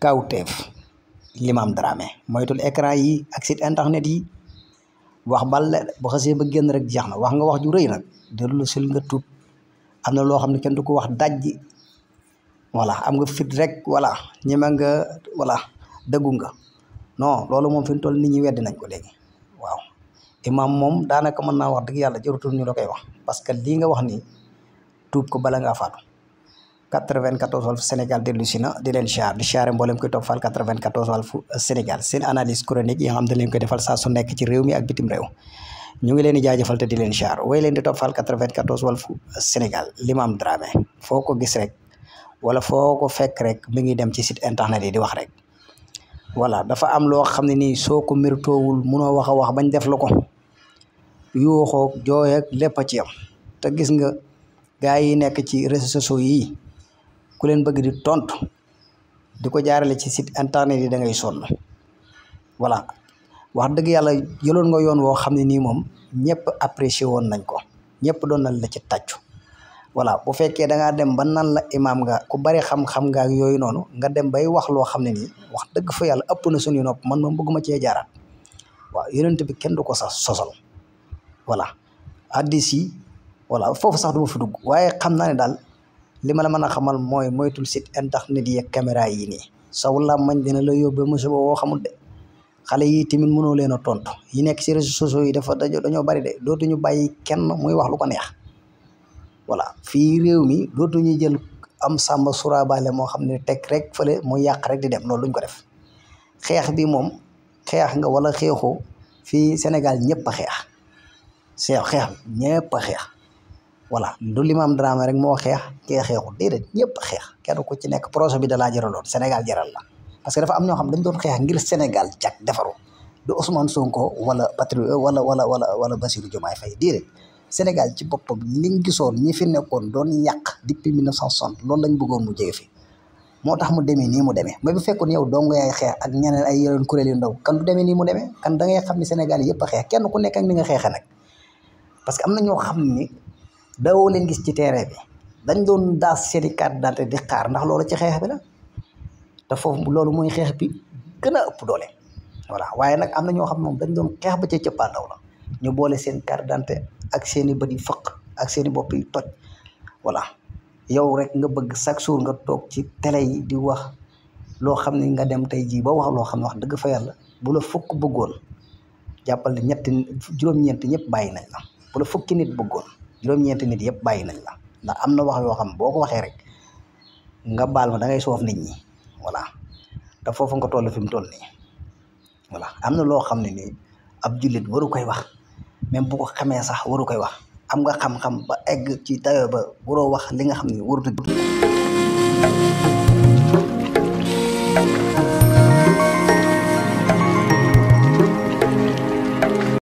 kawteef limaam Dramé moytul écran yi ak site internet yi wax bal bu xasee ba génn rek jeex na wax nga wax ju rëy nag dellu sil nga tuub am na loo xam ne kenn du ko wax dajji voilà am nga fit rek voilà ñeme nga voilà dëggu nga non loolu moom fi mu nit ñi weddi nañ ko léegi waaw maam moom daanaka mën naa wax dëgg yàlla jarutul ñu la koy wax parce que lii nga wax ni tuub ko bala ngaa faatu 94 Walf Sénégal dellu si na di leen siyaar di siyaare mboolem koy topp fal 94 Walf Sénégal seen analyse ne leen koy ngi leen di jaajëfal te leen siyaar way leen di topp fal 94 Walf Sénégal Limam Dramé foo ko gis rek wala foo ko fekk rek mi ngi dem ci site internet yi di wax rek voilà dafa am loo xam ne nii soo ko méritoowul munoo wax a wax bañ def la ko yuuxoo jooy ak lépp a ci yam te gis nga gaa yi nekk ci réseaux sociaux yi ku leen bëgg di tontu di ko jaarale ci sit internet yi da ngay sonn voilà wax dëgg yàlla jëloon nga yoon woo xam ne nii moom ñëpp apprécier woon nañ ko ñëpp doon nañ la ci tàccu voilà bu fekkee da ngaa dem ba nan la imaam nga ku bari xam-xam nga ak yooyu noonu nga dem bay wax loo xam ne nii wax dëgg fa yàlla ëpp na suñu nopp man moom ma cee jaaraat waaw yonent bi kenn du ko sax sosol wala addis yi voilà foofu sax du ma fa waaye xam naa daal. li ma la mën a xamal mooy moytul site internet yi ak caméra yi nii saw làmmañ dina la yóbbee musiba woo xamul de xale yi tamit mënoo leen a tontu yi nekk ci réseaux sociaux yi dafa dañoo dañoo bari de dootuñu bàyyi kenn muy wax lu ko neex voilà fii réew mi dootuñu jël am sàmba suraabaale moo xam ne tek rek fële mu yàq rek di dem loolu duñ ko def xeex bi moom xeex nga wala xeexoo fii Sénégal ñëpp a xeex xeex bi ñëpp a xeex voilà du Limam Dramé rek moo xeex kee xeexul déedéet ñëpp xeex kenn ku ci nekk projet bi da laa jaraloon Sénégal jaral la parce que dafa am ñoo xam dañ doon xeex ngir Sénégal jag defaru du Ousmane Sonko wala patri wala wala wala wala Bassirou Diomaye Faye déedéet Sénégal ci boppam liñ gisoon ñi fi nekkoon doon yàq depuis 1960 loolu lañ bëggoon mu jege fi moo tax mu demee nii mu demee mais bu fekkoon yow dong yaay xeex ak ñeneen yeneen kuréel yu ndaw kan du demee nii mu demee kan da xam ne Sénégal yëpp a xeex kenn ku nekk ak ni nga xeexee nag parce que am na ñoo xam ni dawoo leen gis ci teere bi dañ doon daas seeni carte d'identité di xaar ndax loolu ci xeex bi la te foofu loolu mooy xeex bi gën a ëpp doole voilà waaye nag am na ñoo xam moom dañ doon xeex ba ca cëppaandaw la ñu boole seen carte d'identité ak seen bët yi fëq ak seen bopp yi toj voilà yow rek nga bëgg chaque jour nga toog ci télé yi di wax loo xam ne nga dem tey jii ba wax loo xam ne wax dëgg fa yàlla bu la fukk bëggoon jàppal ne ñetti juróom-ñeent ñëpp bàyyi nañ la bu la fukki nit bëggoon juróom-ñeenti nit yëpp bàyyi nañ la ndax am na wax yoo xam boo ko waxee rek nga baal ma da ngay soof nit ñi voilà te foofu nga toll fi mu toll nii voilà am na loo xam ne nii ab jullit waru koy wax même bu xamee sax waru koy wax am nga xam-xam ba egg ci tayo ba waroo wax li nga xam ne warut